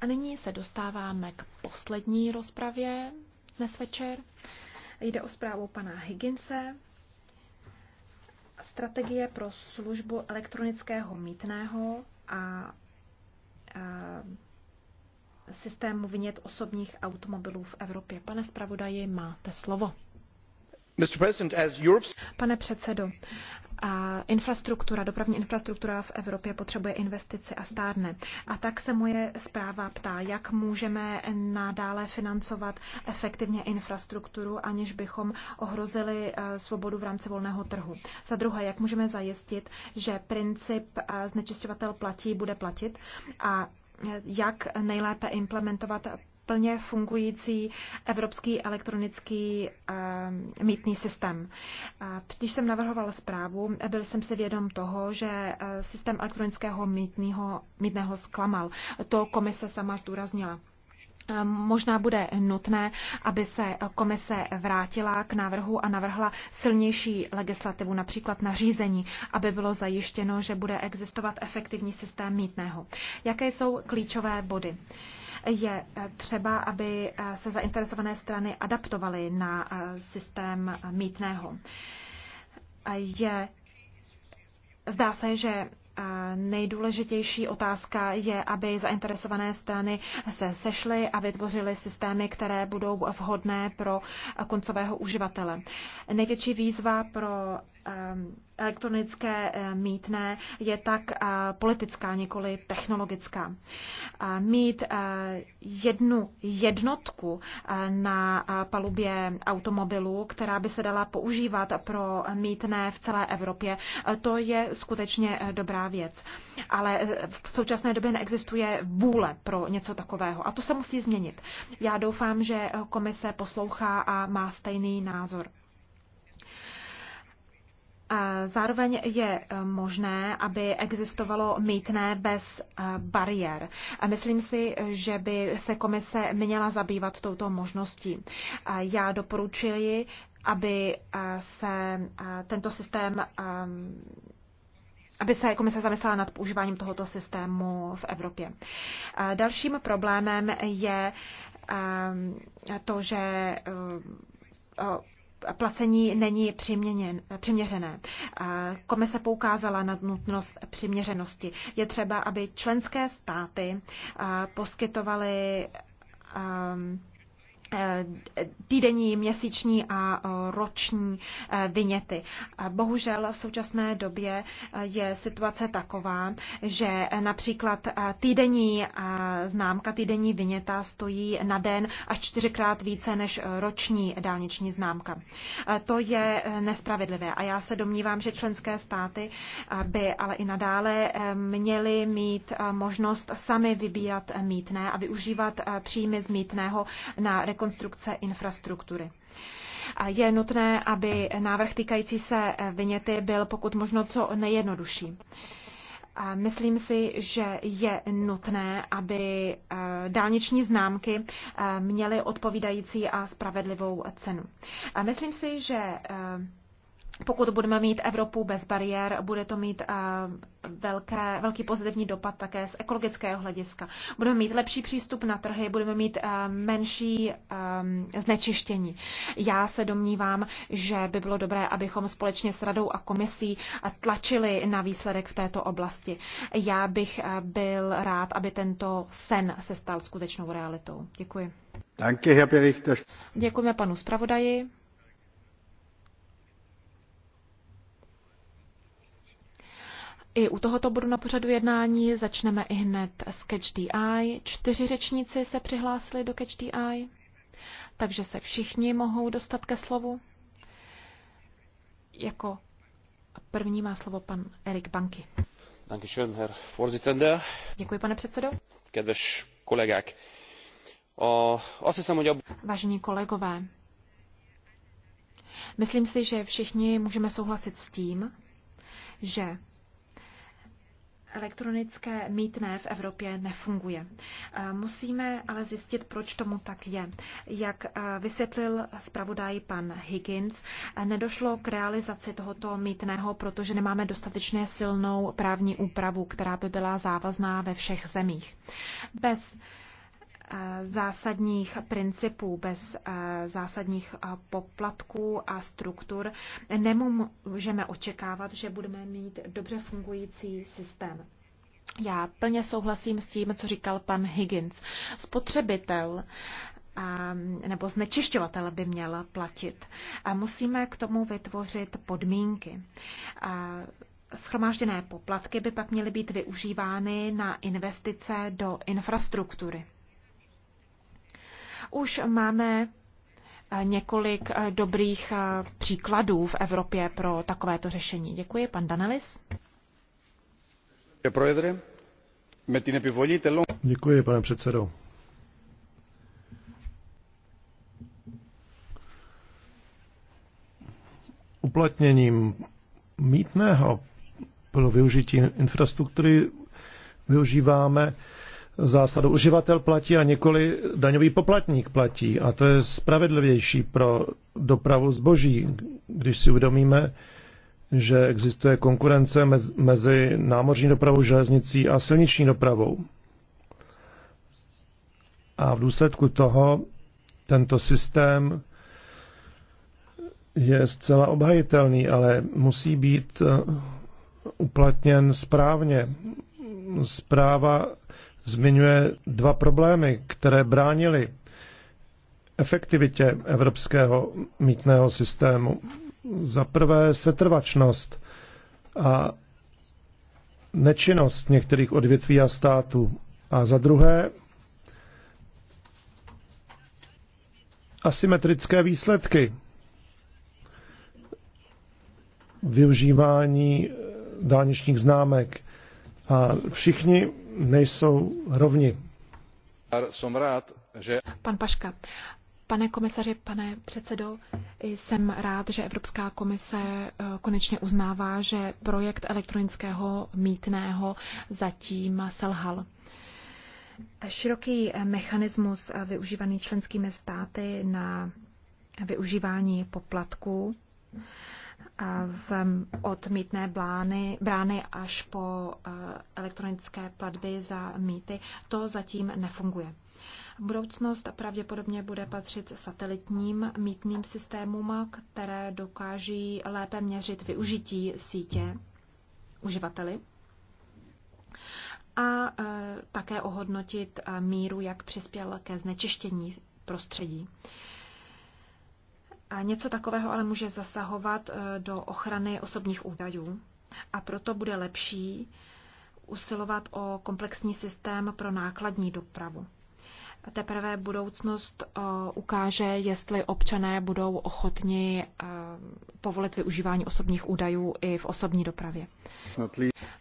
A nyní se dostáváme k poslední rozpravě dnes večer. Jde o zprávu pana Higginse. Strategie pro službu elektronického mítného a, a systému vynět osobních automobilů v Evropě. Pane zpravodaji, máte slovo. Pane předsedo, a infrastruktura, dopravní infrastruktura v Evropě potřebuje investici a stárne. A tak se moje zpráva ptá, jak můžeme nadále financovat efektivně infrastrukturu, aniž bychom ohrozili eh, svobodu v rámci volného trhu. Za druhé, jak můžeme zajistit, že princip eh, znečišťovatel platí, bude platit a eh, jak nejlépe implementovat plně fungující evropský elektronický eh, mítný systém. Když jsem navrhoval zprávu, byl jsem si vědom toho, že eh, systém elektronického mítného, mítného zklamal. To komise sama zdůraznila. Ehm, možná bude nutné, aby se komise vrátila k návrhu a navrhla silnější legislativu, například nařízení, aby bylo zajištěno, že bude existovat efektivní systém mítného. Jaké jsou klíčové body? Je eh, třeba, aby eh, se zainteresované strany adaptovaly na eh, systém mítného. Je Zdá se, že Nejdůležitější otázka je, aby zainteresované strany se sešly a vytvořily systémy, které budou vhodné pro koncového uživatele. Největší výzva pro Ehm, elektronické eh, mítné je tak eh, politická, nikoli technologická. Mít eh, jednu jednotku na palubě automobilu, která by se dala používat pro mítné v celé Evropě, to je skutečně dobrá věc. Ale v současné době neexistuje vůle pro něco takového a to se musí změnit. Já doufám, že komise poslouchá a má stejný názor. Zároveň je eh, možné, aby existovalo mítné bez eh, bariér. Myslím si, že by se komise měla zabývat touto možností. Já doporučuji, aby eh, se tento systém ehm, aby se komise zamyslela nad používáním tohoto systému v Evropě. Dalším problémem je ehm, to, že placení není přiměřené. Komise poukázala na nutnost přiměřenosti. Je třeba, aby členské státy poskytovaly Eh, týdenní, měsíční a eh, roční eh, vyněty. Bohužel v současné době je situace taková, že například týdenní známka, týdenní vyněta stojí na den až čtyřikrát více než roční dálniční známka. To je nespravedlivé a já se domnívám, že členské státy by ale i nadále měly mít možnost sami vybírat mítné a využívat příjmy z mítného na rekonstrukce infrastruktury. Je nutné, aby návrh týkající se vyněty byl pokud možno co nejjednodušší. A myslím si, že je nutné, aby eh, dálniční známky eh, měly odpovídající a spravedlivou cenu. A myslím si, že eh, pokud budeme mít Evropu bez bariér, bude to mít eh, velké, velký pozitivní dopad také z ekologického hlediska. Budeme mít lepší přístup na trhy, budeme mít eh, menší eh, znečištění. Já se domnívám, že by bylo dobré, abychom společně s radou a komisí tlačili na výsledek v této oblasti. Já bych byl rád, aby tento sen se stal skutečnou realitou. Děkuji. Děkujeme panu zpravodaji. I u tohoto bodu na pořadu jednání začneme i hned s Catch the Eye. Čtyři řečníci se přihlásili do Catch the Eye, takže se všichni mohou dostat ke slovu. Jako první má slovo pan Erik Banky. Děkuji, pane předsedo. Kedves kolegák. O, jsem udělal... Vážení kolegové, myslím si, že všichni můžeme souhlasit s tím, že elektronické mítné v Evropě nefunguje. Musíme ale zjistit, proč tomu tak je. Jak vysvětlil zpravodaj pan Higgins, nedošlo k realizaci tohoto mítného, protože nemáme dostatečně silnou právní úpravu, která by byla závazná ve všech zemích. Bez zásadních principů, bez zásadních poplatků a struktur nemůžeme očekávat, že budeme mít dobře fungující systém. Já plně souhlasím s tím, co říkal pan Higgins. Spotřebitel a, nebo znečišťovatel by měl platit. A musíme k tomu vytvořit podmínky. A, Schromážděné poplatky by pak měly být využívány na investice do infrastruktury. Už máme eh, několik eh, dobrých eh, příkladů v Evropě pro takovéto řešení. Děkuji, pan Danelis. Děkuji, pane předsedo. Uplatněním mítného pro využití infrastruktury využíváme zásadu uživatel platí a nikoli daňový poplatník platí. A to je spravedlivější pro dopravu zboží, když si uvědomíme, že existuje konkurence mezi námořní dopravou, železnicí a silniční dopravou. A v důsledku toho tento systém je zcela obhajitelný, ale musí být eh, uplatněn správně. Zpráva zmiňuje dva problémy, které bránily efektivitě evropského mítného systému. Za prvé setrvačnost a nečinnost některých odvětví a států. A za druhé asymetrické výsledky. Využívání dálničních známek a všichni nejsou rovni. Jsem rád, že... Pan Paška, Pane komisaři, pane předsedo, jsem rád, že Evropská komise eh, konečně uznává, že projekt elektronického mítného zatím selhal. Široký eh, mechanismus eh, využívaný členskými státy na využívání poplatků v, od mítné blány, brány až po eh, elektronické platby za mýty, to zatím nefunguje. Budoucnost pravděpodobně bude patřit satelitním mítným systémům, které dokáží lépe měřit využití sítě uživateli a eh, také ohodnotit eh, míru, jak přispěl ke znečištění prostředí. A něco takového ale může zasahovat e, do ochrany osobních údajů a proto bude lepší usilovat o komplexní systém pro nákladní dopravu. Teprve budoucnost e, ukáže, jestli občané budou ochotni e, povolit využívání osobních údajů i v osobní dopravě.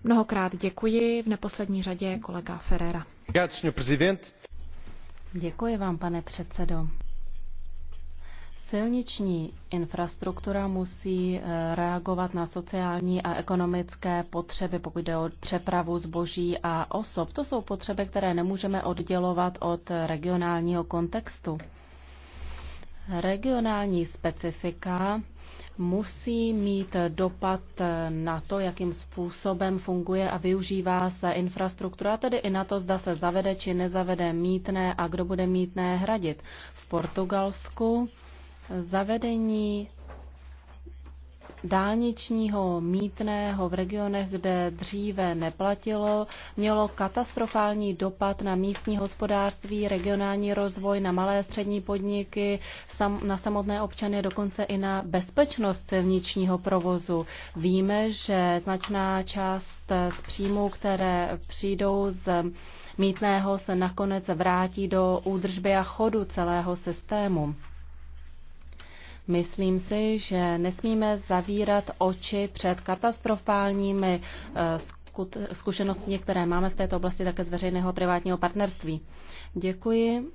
Mnohokrát děkuji, v neposlední řadě kolega Ferrera. Děkuji vám, pane předsedo. Silniční infrastruktura musí eh, reagovat na sociální a ekonomické potřeby, pokud jde o přepravu zboží a osob. To jsou potřeby, které nemůžeme oddělovat od regionálního kontextu. Regionální specifika musí mít dopad na to, jakým způsobem funguje a využívá se infrastruktura, tedy i na to, zda se zavede či nezavede mítné a kdo bude mítné hradit. V Portugalsku zavedení dálničního mítného v regionech, kde dříve neplatilo, mělo katastrofální dopad na místní hospodářství, regionální rozvoj, na malé střední podniky, na samotné občany, dokonce i na bezpečnost silničního provozu. Víme, že značná část z příjmů, které přijdou z mítného, se nakonec vrátí do údržby a chodu celého systému. Myslím si, že nesmíme zavírat oči před katastrofálními eh, zkušenostmi, které máme v této oblasti také z veřejného a privátního partnerství. Děkuji.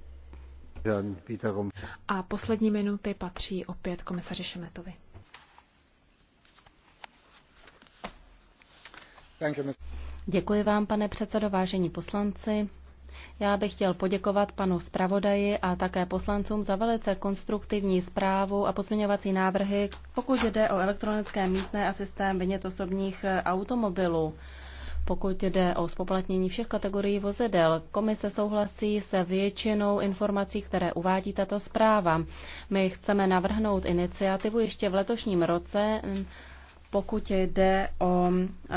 A poslední minuty patří opět komisaři Šemetovi. Děkuji vám, pane předsedo, vážení poslanci. Já bych chtěl poděkovat panu zpravodaji a také poslancům za velice konstruktivní zprávu a pozměňovací návrhy, pokud jde o elektronické mítné a systém vynět osobních eh, automobilů. Pokud jde o spoplatnění všech kategorií vozidel, komise souhlasí se většinou informací, které uvádí tato zpráva. My chceme navrhnout iniciativu ještě v letošním roce pokud jde o eh,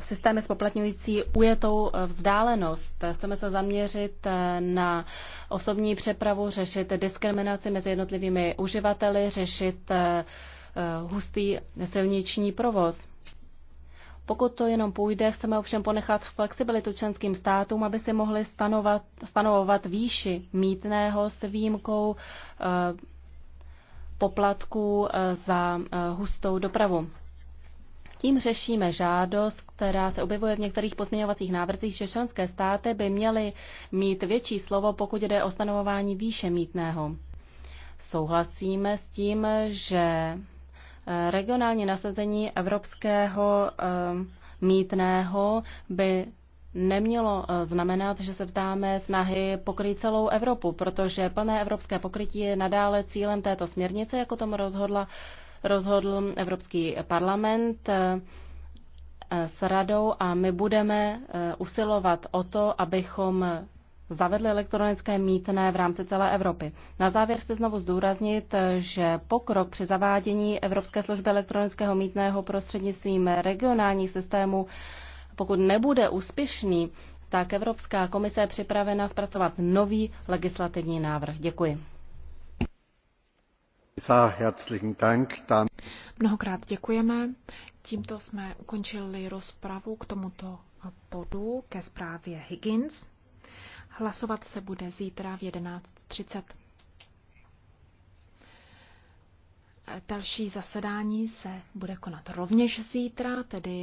systémy spoplatňující ujetou eh, vzdálenost. Chceme se zaměřit eh, na osobní přepravu, řešit diskriminaci mezi jednotlivými uživateli, řešit hustý silniční provoz. Pokud to jenom půjde, chceme ovšem ponechat flexibilitu členským státům, aby si mohli stanovat, stanovovat výši mítného s výjimkou poplatků za hustou dopravu. Tím řešíme žádost, která se objevuje v některých pozměňovacích návrzích, že členské státy by měly mít větší slovo, pokud jde o stanovování výše mítného. Souhlasíme s tím, že eh, regionální nasazení evropského eh, mítného by nemělo eh, znamenat, že se vzdáme snahy pokrýt celou Evropu, protože plné evropské pokrytí je nadále cílem této směrnice, jako tomu rozhodla rozhodl Evropský parlament eh, s radou a my budeme eh, usilovat o to, abychom zavedli elektronické mítné v rámci celé Evropy. Na závěr chci znovu zdůraznit, eh, že pokrok při zavádění Evropské služby elektronického mítného prostřednictvím regionálních systémů, pokud nebude úspěšný, tak Evropská komise je připravena zpracovat nový legislativní návrh. Děkuji. Mnohokrát děkujeme. Tímto jsme ukončili rozpravu k tomuto bodu ke zprávě Higgins. Hlasovat se bude zítra v 11.30. Další zasedání se bude konat rovněž zítra, tedy